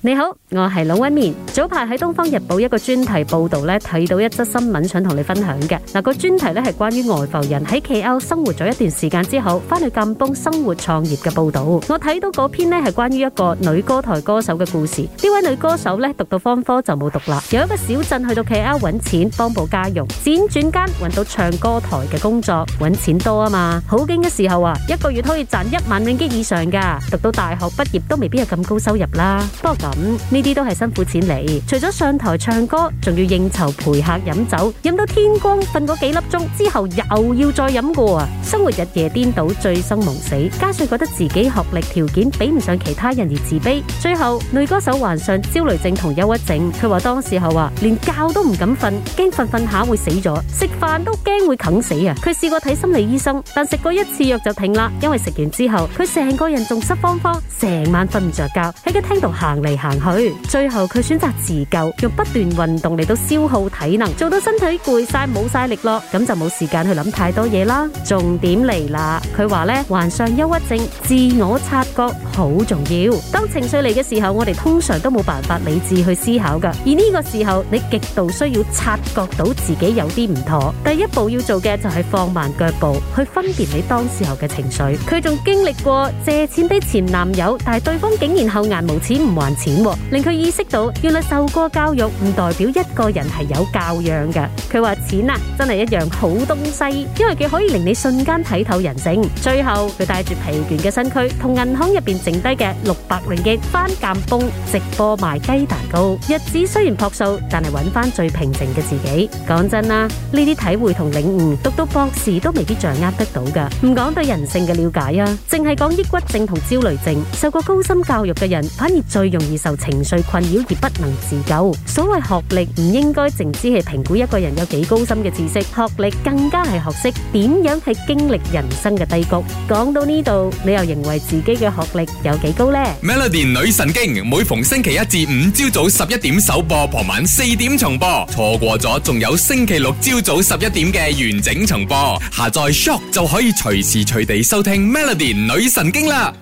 你好，我係龍紋敏。早排喺《東方日報》一個專題報道咧，睇到一則新聞，想同你分享嘅。嗱、那個，個專題咧係關於外埠人喺 K L 生活咗一段時間之後，翻去金崩生活創業嘅報道。我睇到嗰篇呢係關於一個女歌台歌手嘅故事。呢位女歌手咧讀到方科就冇讀啦，由一個小鎮去到 K L 揾錢幫補家用，輾轉間揾到唱歌台嘅工作，揾錢多啊嘛。好景嘅時候啊，一個月可以賺一萬蚊幾以上噶。讀到大學畢業都未必有咁高收入啦，不過。呢啲都係辛苦錢嚟，除咗上台唱歌，仲要應酬陪客飲酒，飲到天光，瞓嗰幾粒鐘之後，又要再飲過。生活日夜顛倒，醉生夢死，加上覺得自己學歷條件比唔上其他人而自卑，最後女歌手患上焦慮症同憂鬱症。佢話當時候啊，連覺都唔敢瞓，驚瞓瞓下會死咗，食飯都驚會哽死啊！佢試過睇心理醫生，但食過一次藥就停啦，因為食完之後佢成個人仲濕慌慌，成晚瞓唔着覺，喺個廳度行嚟行去。最後佢選擇自救，用不斷運動嚟到消耗體能，做到身體攰晒冇晒力咯，咁就冇時間去諗太多嘢啦，仲。點嚟啦？佢話呢，患上憂鬱症，自我察覺好重要。當情緒嚟嘅時候，我哋通常都冇辦法理智去思考噶。而呢個時候，你極度需要察覺到自己有啲唔妥。第一步要做嘅就係放慢腳步，去分辨你當時候嘅情緒。佢仲經歷過借錢俾前男友，但係對方竟然厚顏無恥唔還錢，令佢意識到原來受過教育唔代表一個人係有教養噶。佢話錢啊，真係一樣好東西，因為佢可以令你信。間睇透人性，最後佢帶住疲倦嘅身軀，同銀行入邊剩低嘅六百令吉翻監房直播賣雞蛋糕。日子雖然朴素，但係揾翻最平靜嘅自己。講真啦，呢啲體會同領悟，讀到博士都未必掌握得到噶。唔講對人性嘅了解啊，淨係講抑鬱症同焦慮症，受過高深教育嘅人反而最容易受情緒困擾而不能自救。所謂學歷唔應該淨只係評估一個人有幾高深嘅知識，學歷更加係學識點樣係經經歷人生嘅低谷，講到呢度，你又認為自己嘅學歷有幾高呢？Melody 女神經，每逢星期一至五朝早十一點首播，傍晚四點重播，錯過咗仲有星期六朝早十一點嘅完整重播。下載 Shock 就可以隨時隨地收聽 Melody 女神經啦。